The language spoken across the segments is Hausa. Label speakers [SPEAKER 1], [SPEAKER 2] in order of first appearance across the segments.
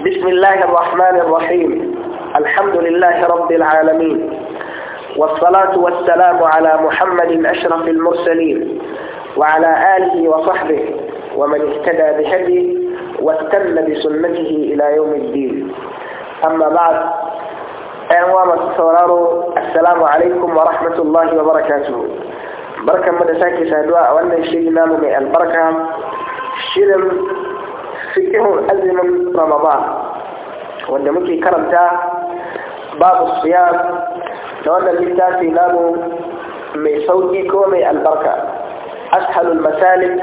[SPEAKER 1] بسم الله الرحمن الرحيم الحمد لله رب العالمين والصلاة والسلام على محمد أشرف المرسلين وعلى آله وصحبه ومن اهتدى بهديه واستنى بسنته إلى يوم الدين أما بعد أعوام السورار السلام عليكم ورحمة الله وبركاته بركة مدساكي سادواء وأن الشيء نام من البركة شرم cikin azumin ramadan wanda muke karanta babu siya da wannan littafi namu mai sauƙi ko mai albarka ashalul masalik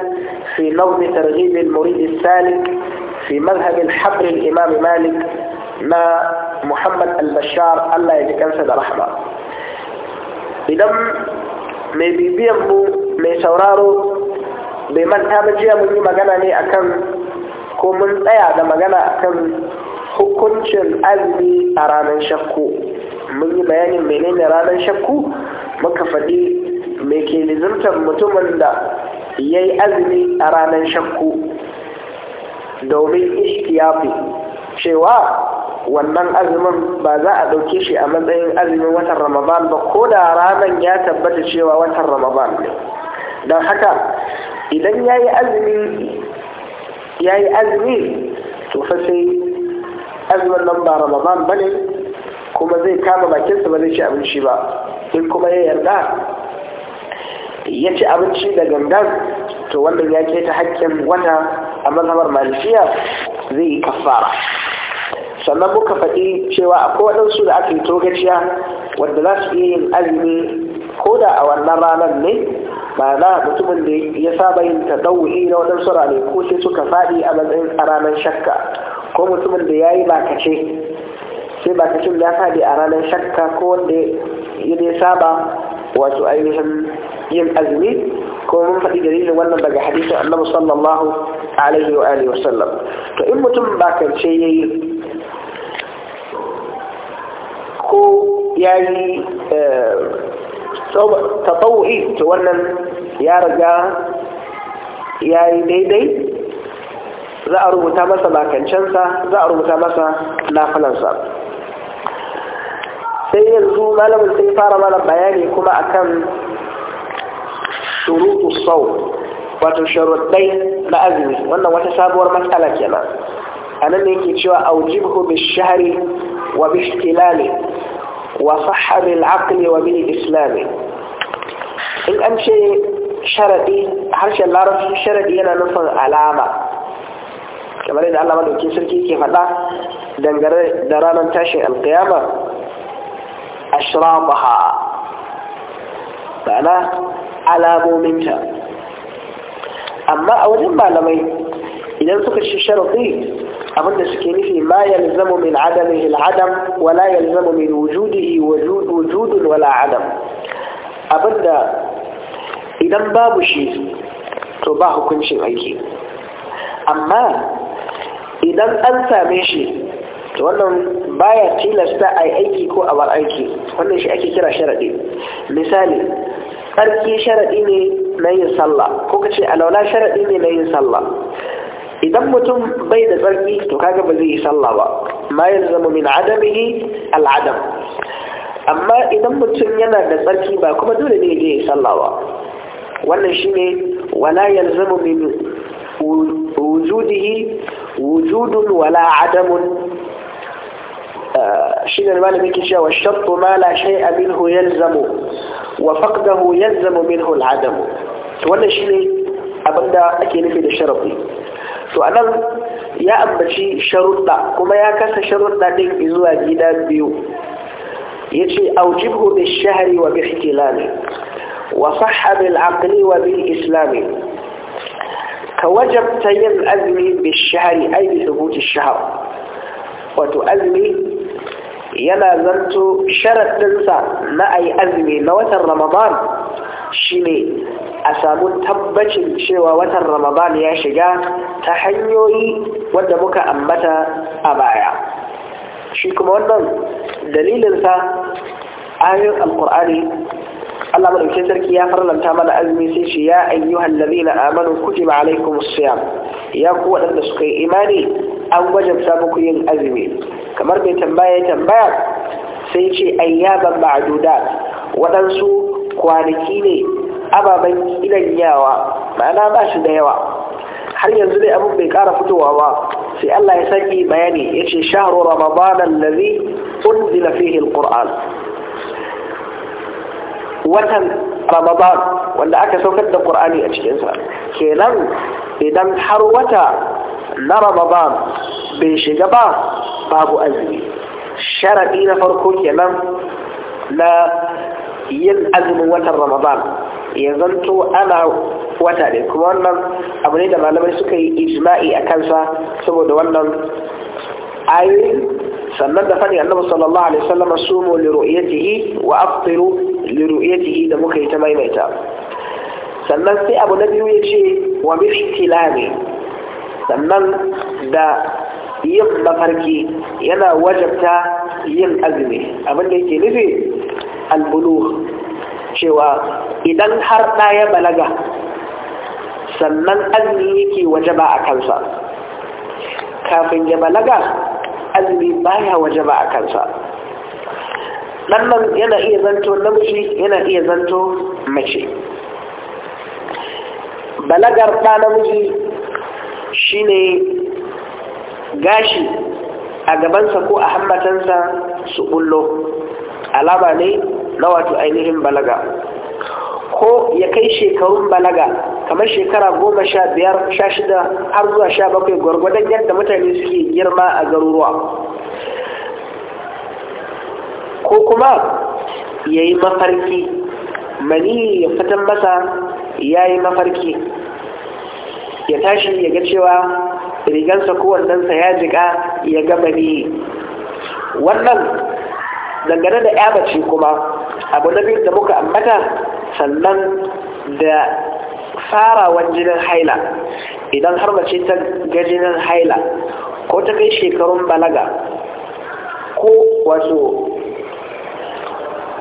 [SPEAKER 1] fi nawmi targhib al-murid salik fi madhhab al-habr malik na muhammad al-bashar Allah ya ji kansa da rahma idan mai bibiyan mu mai sauraro bai manta ba jiya mun yi magana ne akan ko mun tsaya da magana kan hukuncin azumi a ranar shakku mun yi bayanin menene ranar shakku muka faɗi mai ke nizimtar mutumin da ya yi azumi a ranar shakku domin ishtiyafi cewa wannan azumin ba za a ɗauke shi a matsayin azumin watan ramadan ba ko da ranar ya tabbata cewa watan ramadan ne don haka idan ya yi azumi ya yi azumi to fa sai azumin nan ba ramadan ba ne kuma zai kama bakinsa ba zai ci abinci ba in kuma ya yarda ya ci abinci da gangan to wanda ya keta hakkin wata a mazhabar malishiya zai yi kafara sannan muka faɗi cewa akwai waɗansu da aka yi togaciya wanda za su iya yin azumi ko da a wannan ranar ne ma'ana mutumin da ya saba yin tadawuhi na waɗansu ranaku sai suka faɗi a matsayin a ranar shakka ko mutumin da ya yi bakace sai bakacin ya faɗi a ranar shakka ko wanda ya dai saba wato ainihin yin azumi ko mun faɗi dalilin wannan daga hadisin annabi sallallahu alaihi wa alihi wasallam to in mutum bakance ya yi ko ya yi eh, tatsawu'i to wannan ya riga ya yi daidai za a rubuta masa makancensa za a rubuta masa nafilansa sai yanzu malamin sai fara mana bayani kuma akan shurutu sau wato sharuɗai na azumi wannan wata sabuwar matsala kenan a nan ne yake cewa aujibhu bi shahri wa bi ihtilali wa sahha aqli wa bil islami in an ce sharadi harshen larabci sharadi yana nufin alama kamar yadda Allah madauki sarki ke faɗa dangare da ranar tashin alkiyama ashrabaha ma'ana alamominta amma a wajen malamai idan suka ci sharadi abinda suke nufi ma yalzamu min adamihi al'adam wala yalzamu min wujudihi wujudun wala adam abinda idan babu shi to ba hukuncin aiki amma idan an same shi to wannan baya tilasta a aiki ko a bar aiki wannan shi ake kira sharaɗi misali ƙarfi sharaɗi ne na yin sallah ko ka ce alaula sharaɗi ne na yin sallah idan mutum bai da tsarki to kaga ba zai yi sallah ba ma yin zama min adamihi al'adam amma idan mutum yana da tsarki ba kuma dole ne ya yi sallah ba wannan shine wala yalzamu min wujudihi wujudun wala adamun ah, shi ne malamin ke cewa shartu ma la shay'a minhu yalzamu wa faqdahu yalzamu minhu al-adam to wannan shine abinda ake nufi da sharafi to anan ya ambaci sharuɗa kuma ya kasa sharuɗa ɗin zuwa gida biyu Ya ce aujibu bi shahari wa bi ihtilali وصح بالعقل وبالإسلام كوجب تيم أذمي بالشهر أي بثبوت الشهر وتؤذمي يما زلت شرط تنسى ما أي أذمي موتر رمضان شمي أسامو تبج شوى وتر رمضان يا شجاع تحيوي ودبك أمتا أبايا شيكم وانا دليل انسى آية القرآن Allah madaukakin sarki ya farlanta mana azumi sai ce ya ayyuhal ladina amanu kutiba alaikumus siyam ya ku waɗanda suka yi imani an wajabta muku yin azumi kamar bai tambaya ya tambaya sai ce ayyaban ma'duda waɗansu kwanaki ne ababen yawa ma'ana ba shi da yawa har yanzu dai abin bai ƙara fitowa ba sai Allah ya saki bayani ya ce shahru ramadan allazi unzila fihi alquran watan ramadan wanda aka saukar da ƙur'ani a cikinsa kenan idan har wata na ramadan bai shiga ba babu azumi sharaɗi na farko kenan na yin azumin watan ramadan ya zanto ana wata ne kuma wannan abu ne da malamai suka yi ijma'i a kansa saboda wannan ayoyi sannan da fadi annabi sallallahu alaihi wasallam sumu li ru'yatihi wa aftiru liru'yatihi da muka yi ta maimaita sannan sai abu na biyu ya ce wa mihtilami sannan da yin mafarki yana wajabta yin azumi da yake nufi albulu cewa idan har ɗaya balaga sannan azumi yake wajaba a kansa kafin ya balaga azumi baya wajaba a kansa dan nan yana iya zanto namiji yana iya zanto mace balagar ɗa namiji ne gashi a gabansa ko a hammatansa su bullo alama ne na wato ainihin balaga ko ya kai shekarun balaga kamar shekara goma sha biyar sha shida har zuwa sha bakwai gwargwadon yadda mutane suke girma a garuruwa ko kuma ya yi mafarki mani ya fitan masa ya yi mafarki ya tashi ya ga cewa rigansa kowannensa ya jika ya ga mani wannan dangane da ya mace kuma abu na biyu da muka ambata sannan da farawan jinin haila idan har mace ta ga jinin haila ko ta kai shekarun balaga ko wato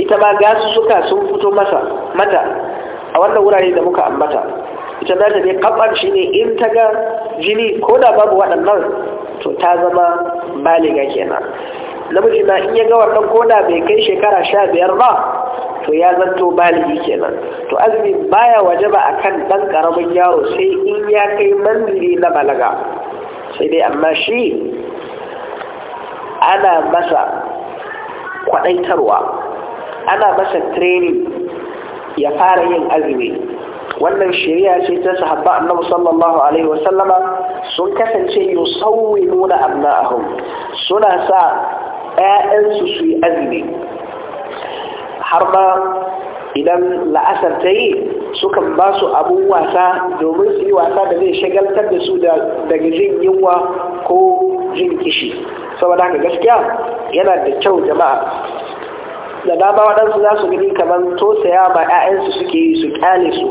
[SPEAKER 1] ita ma suka sun fito masa mata a wannan wurare da muka ambata ita za ta ne kaban shi ne in ta ga jini ko da babu waɗannan to ta zama baliga kenan namiji na in ya ga wannan ko da bai kai shekara sha biyar ba to ya zanto baligi kenan to azumi baya waje ba a kan ɗan ƙaramin yaro sai in ya kai manzili na balaga sai dai amma shi ana masa kwaɗaitarwa ana masa training ya fara yin azumi wannan shari'a ce ta sahabba annabi sallallahu alaihi Sallama sun kasance yusawwimuna abna'ahum suna sa ‘ya'yansu su yi azumi har ma idan la'asar ta yi sukan ba su abun wasa domin su yi wasa da zai shagaltar da su daga jin yunwa ko jin kishi saboda haka gaskiya yana da kyau jama'a da dama waɗansu za su gani kamar tosaya ba 'ya'yansu suke yi su kyale su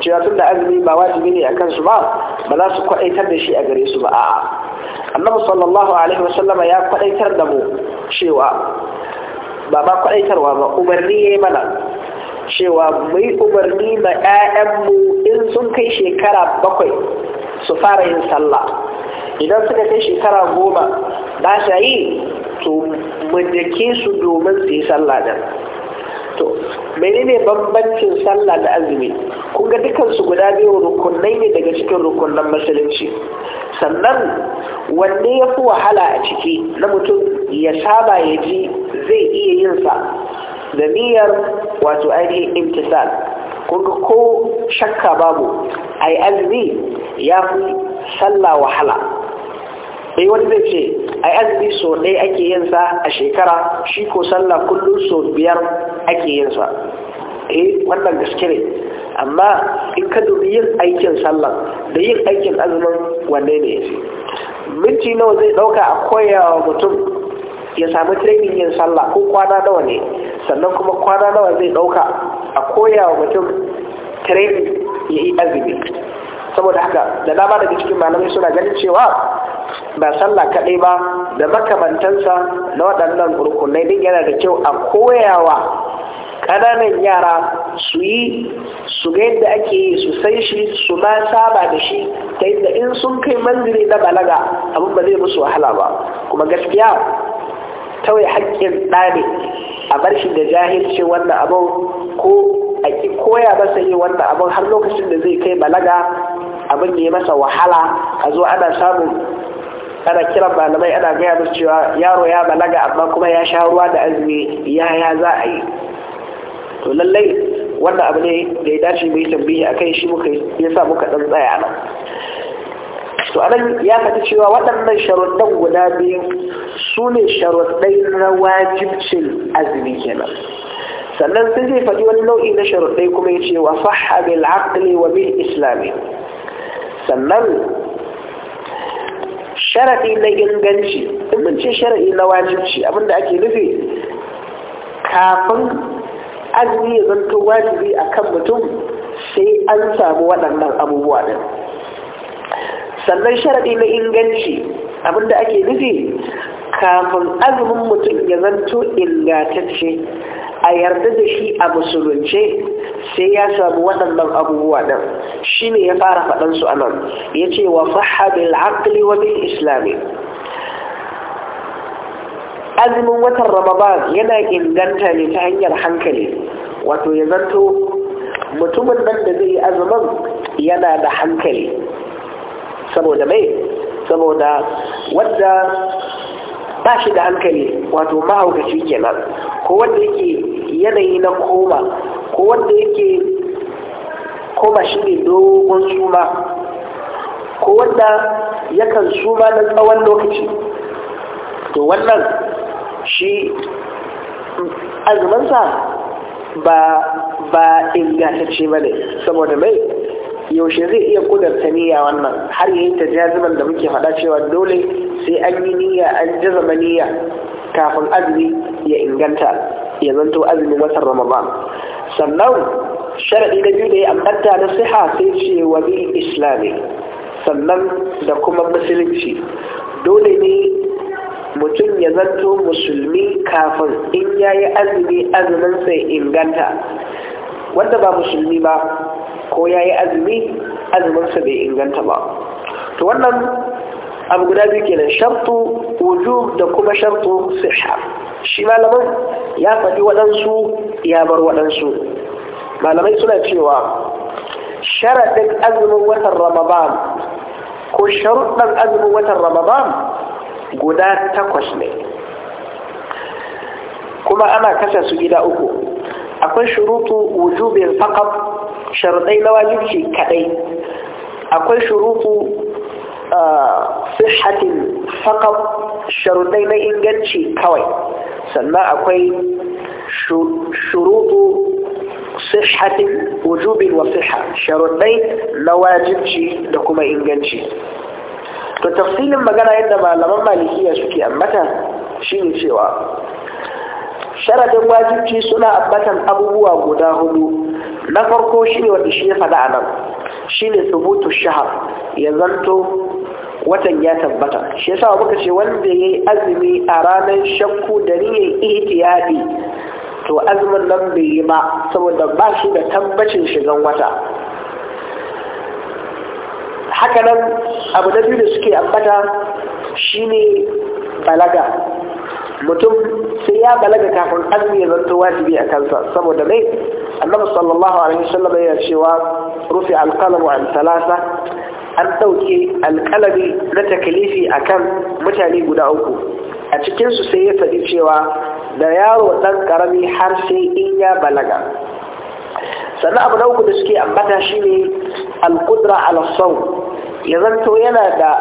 [SPEAKER 1] cewa tun da azumi ba wajibi ne a kansu ba ba za su kwaɗaitar da shi a gare su ba a annabu sallallahu alaihi wasallama ya kwaɗaitar da mu cewa ba ma kwaɗaitarwa ba umarni ya yi mana cewa mu yi umarni ma 'ya'yanmu in sun kai shekara bakwai su fara yin sallah idan suka kai shekara goma ba sa yi to mu dake su domin su yi sallah nan to menene bambancin sallah da azumi kun ga dukansu guda biyu rukunai ne daga cikin rukunan musulunci sannan wanne ya fi wahala a ciki na mutum ya saba ya ji zai iya yin sa da niyyar wato ainihin intisal kun ga ko shakka babu ai azumi ya fi sallah wahala sai wani zai ce a azumi so ɗaya ake yin sa a shekara shi ko sallah kullum so biyar ake yin sa eh wannan gaske ne amma in ka dubi yin aikin sallah da yin aikin azumin wanne ne yafi minti nawa zai ɗauka a koyawa mutum ya samu training yin sallah ko kwana nawa ne sannan kuma kwana nawa zai ɗauka a koyawa mutum training ya yi azumi saboda haka da dama daga cikin malamai suna ganin cewa ba sallah kaɗai ba da makamantansa na waɗannan rukunai din yana da kyau a koyawa ƙananan yara su yi su ga yadda ake yi su sai shi su ba saba da shi ta yadda in sun kai manzili na balaga abin ba zai musu wahala ba kuma gaskiya tawai haƙƙin ɗa ne a bar shi da jahilci wannan abin ko a ki koya masa yi wannan abin har lokacin da zai kai balaga abin da ya masa wahala a zo ana samun ana kiran malamai ana gaya musu cewa yaro ya balaga amma kuma ya sha ruwa da azumi ya ya za a yi to lallai wannan abu ne da ya dace mai a kai shi muka sa muka dan tsaya nan to anan ya faɗi cewa waɗannan sharuɗan guda biyu su ne sharuɗai na wajibcin azumi kenan sannan sun zai faɗi wani nau'i na sharuɗai kuma ya ce wa fahabil aqli wa bil islami sannan sharaɗi na inganci in mun ce sharaɗi na wajibci abinda ake nufi kafin azumi ya zanto wajibi a kan mutum sai an samu waɗannan abubuwa ɗin sannan sharaɗi na inganci abinda ake nufi kafin azumin mutum ya zanto ingantacce a yarda da shi a musulunce sai ya samu waɗannan abubuwa ɗin shi ne ya fara faɗansu a nan ya ce wa faha bil aqli wa bil islami azumin watan ramadan yana inganta ne ta hanyar hankali wato ya zanto mutumin nan da zai yi azumin yana da hankali saboda mai saboda wadda ba shi da hankali wato mahaukaci kenan ko wanda yake yanayi na koma ko wanda yake koma ba shi ne dogon suma ko wanda yakan suma na tsawon lokaci to wannan shi azumansa ba ba ingantacce ba ne saboda mai yaushe zai iya kudarta niyya wannan har yayi ta jaziman da muke faɗa cewa dole sai an yi niyya an jazama niyya kafin azumi ya inganta ya zanto azumin watan ramadan sannan sharaɗi na biyu da ya ambata na siha sai ce wa bi islami sannan da kuma musulunci dole ne mutum ya zanto musulmi kafin in ya yi azumi azumin sai inganta wanda ba musulmi ba ko ya yi azumi azumin azuminsa bai inganta ba to wannan abu guda biyu kenan shartu wujub da kuma shartu siha shi malaman ya faɗi waɗansu ya bar waɗansu malamai suna cewa sharaɗin azumin watan ramadan ko sharuɗan azumin watan ramadan guda takwas ne kuma ana kasa su gida uku akwai shurutu wujubin faƙaf sharaɗai na wajibci kaɗai akwai shurutu sihatin faƙaf sharuɗai na inganci kawai sannan akwai shuruɗu sihatin wujubin wa siha sharuɗai na wajibci da kuma inganci to tafsilin magana yadda malaman malikiya suke ambata ne cewa sharadin wajibci suna ambatan abubuwa guda hudu na farko shi ne wanda shi ya faɗa a nan shine subutu shahar ya zanto watan ya tabbata shi yasa muka ce wanda yi azumi a ranar shakku da niyyar ihtiyadi to azumin nan bai yi ba saboda ba shi da tabbacin shigan wata hakanan abu na biyu da suke ambata shine balaga mutum sai ya balaga kafin azumi ya zanto wajibi a kansa saboda mai annabi sallallahu alaihi wasallam ya cewa rufe alƙalamu an salasa an ɗauke alƙalami na takalifi a kan mutane guda uku a cikinsu sai ya faɗi cewa da yaro ɗan ƙarami har sai in ya balaga sannan abu na uku da suke ambata shi ne alƙudra alasau ya zanto yana da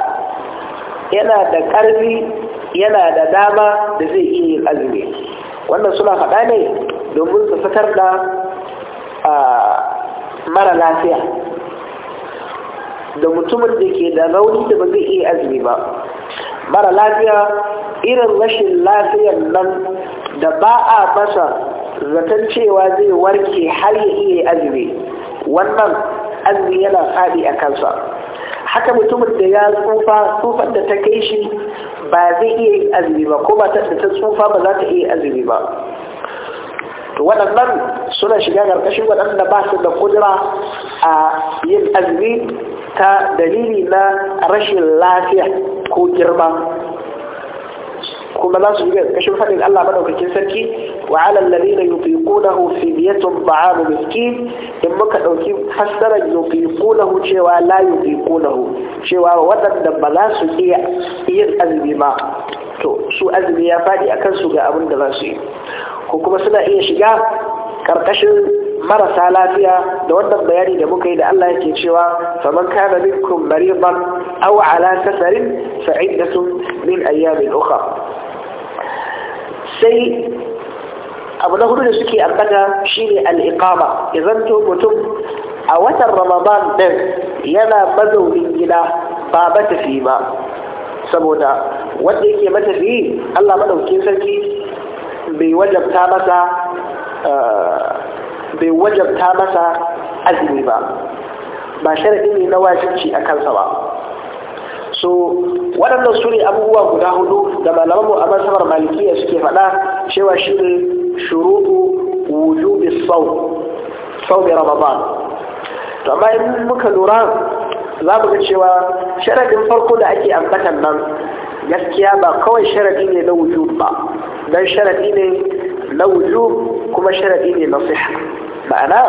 [SPEAKER 1] yana da ƙarfi yana da dama da zai iya yin azumi wannan suna faɗa ne domin su fitar da ah, mara lafiya da mutumin da ke da rauni da ba zai iya azumi ba mara lafiya irin rashin lafiyar nan da ba a masa zaton cewa zai warke har ya iya azumi wannan azumi yana faɗi a kansa haka mutumin da ya tsufa tsufan da ta kai shi ba zai iya azumi ba ko da ta tsufa ba za ta iya azumi ba to waɗannan suna shiga karkashin waɗanda ba su da kudura a yin azumi ta dalili na rashin lafiya ko girma kuma za su yi ƙarƙashin faɗin Allah maɗaukakin sarki wa alal ladina yutiqunahu fidyatun ta'amu miskin in muka ɗauki fasarar yutiqunahu cewa la yutiqunahu cewa waɗanda ba za su iya yin azumi ba to su azumi ya faɗi akan su ga abin da za su yi ko kuma suna iya shiga karkashin marasa lafiya da wannan bayani da muka yi da Allah yake cewa faman kana minkum maridan aw ala safarin fa iddatun min ayyamin ukhra sai abu na hudu da suke ambata shine al-iqama idan to mutum a watan Ramadan din yana mazaunin gida ba matafi ba saboda wanda yake matafi Allah madaukin sarki bai wajabta masa Eh, bai wajabta masa azumi ba ba sharadi ne na wajibci a kansa ba so waɗannan su abubuwa guda hudu da malaman mu a masabar malikiya suke faɗa cewa shi ne shuruɗu wujubi sau sau ramadan to amma in muka lura za mu ga cewa sharadin farko da ake ambatan nan gaskiya ba kawai sharadi ne na wujub ba dan sharadi ne na wujub kuma sharadi ne na nasiha ma'ana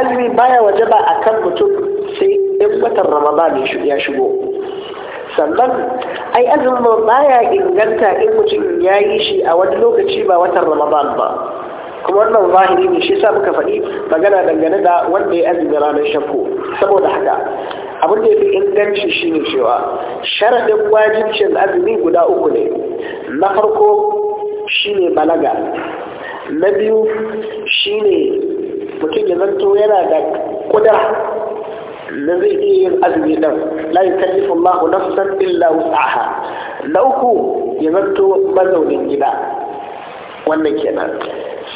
[SPEAKER 1] azumi baya waje ba a kan mutum sai in watan ramadan ya shigo sannan ai azumin baya inganta in mutum ya yi shi a wani lokaci ba watan ramadan ba kuma wannan zahiri ne shi sa muka faɗi magana dangane da wanda ya azumi ranar shakku saboda haka abin da ya fi inganci shi shine cewa sharaɗin wajibcin azumi guda uku ne na farko shine balaga na biyu shine mutum ya zanto yana da kudura na zai iya yin azumi ɗan la yukallifu Allahu nafsan illa wus'aha na uku ya zanto mazaunin gida wannan kenan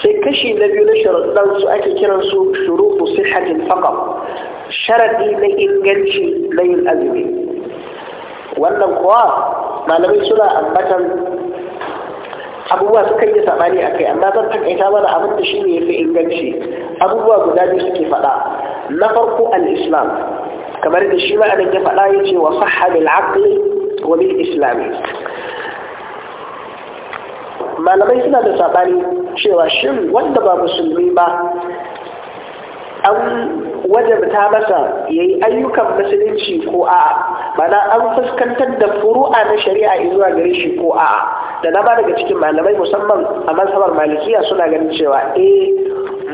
[SPEAKER 1] sai kashi na biyu na sharaɗan su ake kiran su shuruɗu sihhatin faqam sharaɗi na inganci na yin azumi wannan kuwa malamai suna ambatan abubuwa suka yi sabani a kai amma zan takaita mana abin da shi ne ya fi inganci abubuwa guda biyu suke faɗa na farko al-islam kamar da shi adin ya faɗa ya ce wa sahha bil aqli wa bil islami malamai suna da sabani cewa shin wanda ba musulmi ba an wajabta masa ya yi ayyukan musulunci ko a'a mana an fuskantar da furu'a na shari'a zuwa gare shi ko a da na ba daga cikin malamai musamman a mazhabar malikiya suna ganin cewa eh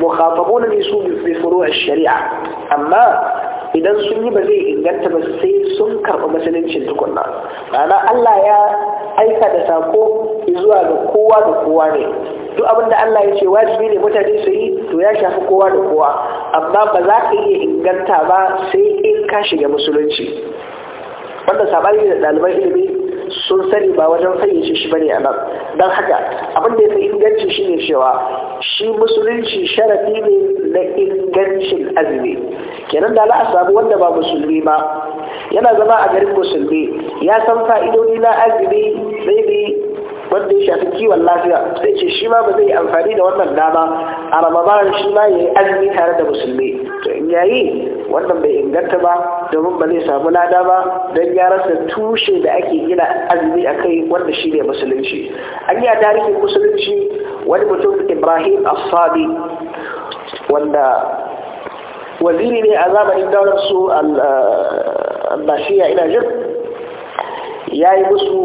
[SPEAKER 1] mukhatabuna ne su bi furu'a shari'a amma idan sun yi ba zai inganta ba sai sun karɓi musulunci tukunna mana Allah ya aika da sako zuwa ga kowa da kowa ne duk abin da Allah ya ce wajibi ne mutane su yi to ya shafi kowa da kowa amma ba za ka iya inganta ba sai in ka shiga musulunci wanda sabani da ɗaliban ilimi sun sani ba wajen fayyace shi bane a nan don haka abin da ya fi inganci shi ne cewa shi musulunci sharafi ne na ingancin azumi kenan da la'a samu wanda ba musulmi ba yana zama a garin musulmi ya san fa'idodi na azumi zai wanda ya shafi kiwon lafiya sai ce shi ma ba zai amfani da wannan dama a ramadan shi ma ya yi azumi tare da musulmi to in yayi wannan bai inganta ba domin ba zai samu lada ba don ya rasa tushe da ake gina azumi a kai wanda shi ne musulunci an yi a tarihin musulunci wani mutum ibrahim asabi wanda waziri ne a zamanin daular su al-bashiya ina jin ya yi musu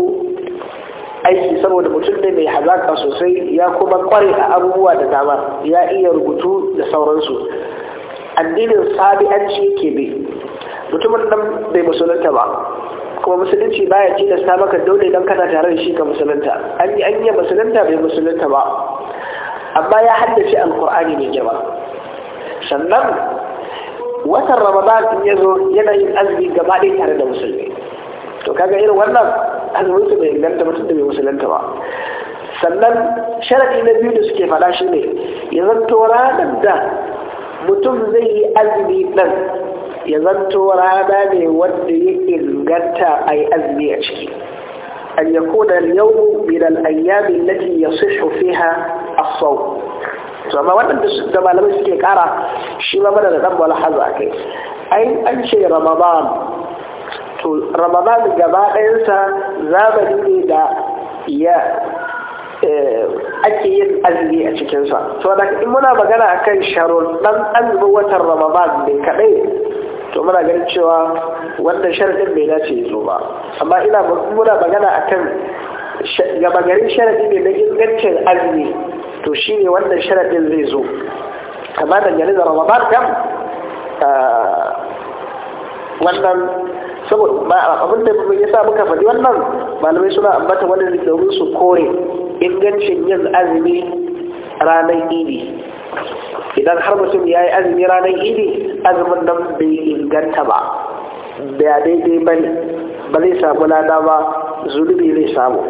[SPEAKER 1] aiki saboda mutum ne mai hazaka sosai ya kuma kware a abubuwa da dama ya iya rubutu da sauransu addinin sabi'anci ke bi mutumin nan bai musulunta ba kuma musulunci baya da maka dole don kana tare da shi ka musulunta an yi anya musulunta bai musulunta ba amma ya haddace alkur'ani mai girma sannan watan ramadan ya zo yanayin yin azumi gaba ɗaya tare da musulmi to kaga irin wannan azumin su bai inganta mutum da bai musulunta ba sannan sharadi na biyu da suke fada shi ne ya zanto ranar da mutum zai yi azumi ɗan ya zanto rana ne wanda ya inganta a yi azumi a ciki أن يكون اليوم من الأيام التي يصح فيها الصوم zama waɗanda da malamai suke ƙara shi ma mana da ɗan wala haza kai ai an ce ramadan to ramadan gaba ɗayansa zamani ne da ya eh, ake yin azumi a cikinsa to da in muna magana akan sharon dan azumin watan ramadan bai kaɗai to muna ganin cewa wannan sharadin bai dace ya zo ba amma ina muna magana akan gaba garin sharaɗi ne na ingancin azumi to shine wannan sharadin zai zo amma dangane da ramadan kam ah, wannan saboda abin da ya sa muka faɗi wannan malamai suna ambata wani domin su kore ingancin yin azumi ranar idi idan har mutum ya yi azumi ranar idi azumin nan bai inganta ba da daidai ba ba zai samu lada ba zunubi zai samu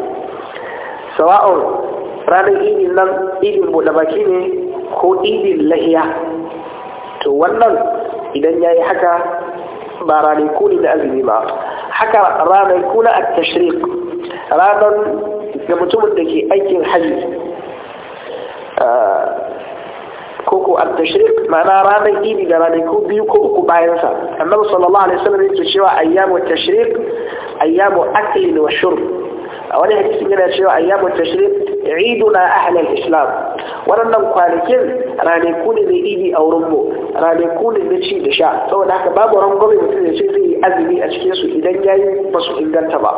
[SPEAKER 1] sawa'un ranar idi nan idin buɗe baki ne ko idin lahiya to wannan idan ya yi haka باران يكون الأزمة حكى رانا يكون التشريق رانا لما تمت لك أي حج آه، كوكو التشريق معناه رانا يدي لرانا يكون بيوكو كباينسا النبي صلى الله عليه وسلم يتشوى أيام التشريق أيام أكل وشرب أولي هكي سنجنا أيام التشريق عيدنا أهل الإسلام waɗannan kwalikin ranaku ne da idi a wurinmu ranaku ne da ci da sha saboda haka babu rangwame mutum ya ce zai yi azumi a cikin su idan ya yi ba su inganta ba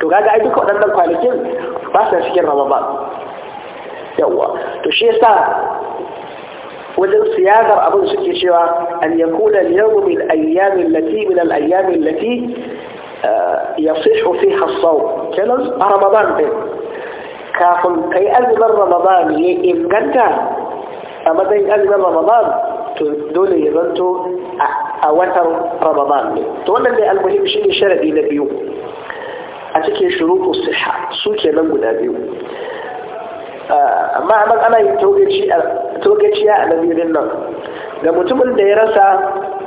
[SPEAKER 1] to kaga ai duka waɗannan kwalikin ba su cikin rama ba yawa to shi yasa wajen siyasar abin suke cewa an yakuna al yau min ayyamin lati min al'ayyamin lati allati yasihu fiha as-sawm ramadan din kafin ka yi azumin ramadan ya inganta a matsayin azumin ramadan to dole ya zanto a watan ramadan ne to wannan dai almuhim ne sharadi na biyu a cikin shuruɗu siha su nan guda biyu amma a ana yin togaciya a labirin nan ga mutumin da ya rasa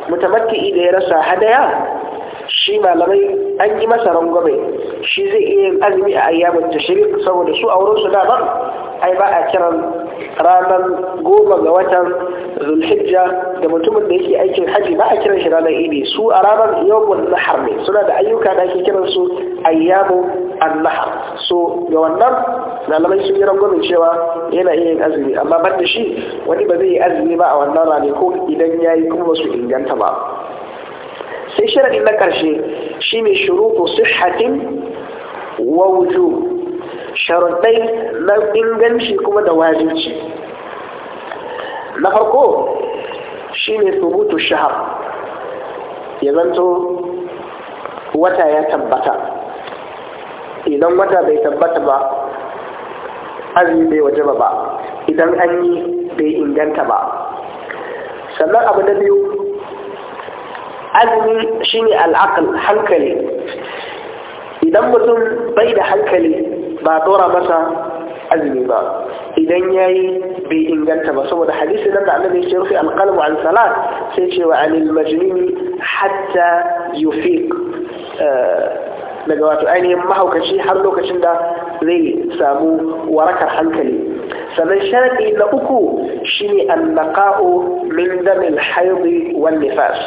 [SPEAKER 1] mutamakki da ya rasa hadaya shi malamai an yi masa rangwame shi zai iya yin azumi a ayyamin tashirik saboda su a wurinsu daban ai ba a kiran ranar goma ga watan zulhijja da mutumin da yake aikin haji ba a kiran shi ranar idi su a ranar yawon nahar ne suna da ayyuka da ake kiran su ayyamu annahar so ga wannan malamai sun yi rangwame cewa yana iya yin azumi amma ban da shi wani ba zai yi azumi ba a wannan ko idan ya yi kuma su inganta ba sai sharaɗi na ƙarshe shi ne shuruɗu sihhatin wa wujub sharaɗai na inganci kuma da wajibci na farko shi ne subutu shahar ya zanto wata ya tabbata idan wata bai tabbata ba azi bai wajaba ba idan an yi bai inganta ba sannan abu na biyu azumi shine al'aqal hankali idan mutum bai da hankali ba dora masa azumi ba idan yayi bai inganta ba saboda hadisi nan da annabi ya ce rufi alqalbu an salat sai ce wa anil majnuni hatta yufiq eh, daga wato ainihin mahaukaci har lokacin da zai samu warakar hankali sannan sharadi na uku shine annaqa'u min damil haidi wan nifas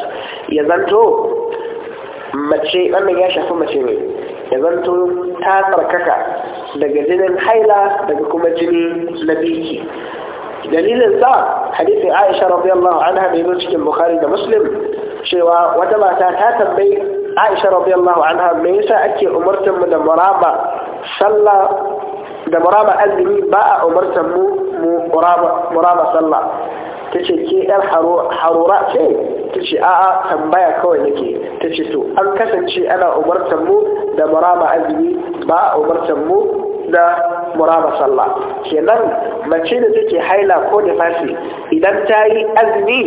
[SPEAKER 1] ya zanto mace wannan ya shafi mace ne ya zanto ta tsarkaka daga jinin haila daga kuma jini na biki dalilin sa hadisin Aisha radiyallahu anha da yake cikin Bukhari da Muslim cewa wata mata ta tambayi Aisha radiyallahu anha me yasa ake umurtar mu da muraba sallah da muraba azumi ba a umartar mu muraba sallah ta ce ke yar harura ce ta ce a'a tambaya kawai yake. ta ce to an kasance ana umartar mu da muraba azumi ba a umartar mu da muraba sallah kenan mace da take haila ko da fasi idan ta yi azumi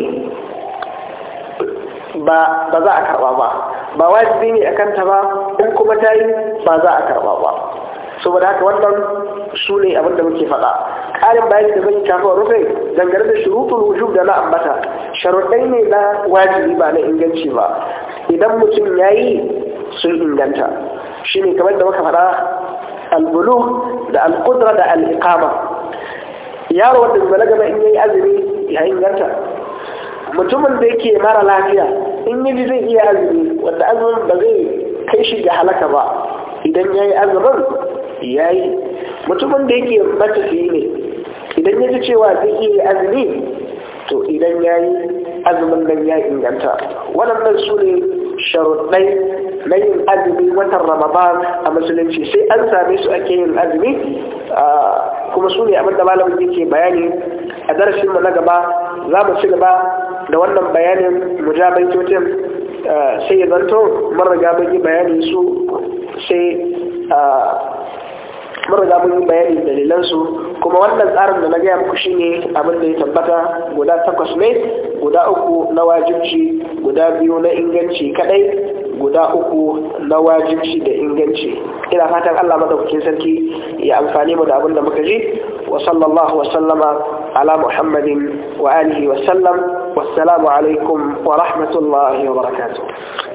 [SPEAKER 1] ba za a karba ba ba wajibi ne a kanta ba in kuma ta yi ba za a karba ba saboda haka wannan su ne abin da muke faɗa ƙarin bayan da zan yi kafin rufe dangane da shurutul wujub da na ambata sharuɗai ne na wajibi ba na inganci ba idan mutum ya yi sun inganta shi ne kamar da muka faɗa albulu da alƙudura da alƙama yaro wanda na gaba in yi azumi ya inganta mutumin da yake mara lafiya in yi zai iya azumi wanda azumin ba zai kai shi ga halaka ba idan ya yi azumin Ya yi mutumin da yake matafi ne idan ya ji cewa zai iya azumi to idan ya yi azumin nan ya inganta waɗannan su ne sharuɗai na yin azumi watan ramadan a musulunci sai an same su ake yin azumi kuma su ne abinda malamin yake bayani a darasinmu na gaba za mu ci gaba da wannan bayanin mujabaitocin eh, sai ya zanto mun riga mun yi bayani su sai eh, mun riga mun yi bayanin dalilansu kuma wannan tsarin da na gaya muku shine abin da ya tabbata guda takwas ne guda uku na wajibci guda biyu na inganci kadai guda uku na wajibci da inganci ina fatan Allah madaukakin sarki ya amfani mu da abin da muka ji wa sallallahu wa sallama ala muhammadin wa alihi wa sallam wassalamu alaikum wa rahmatullahi wa barakatuh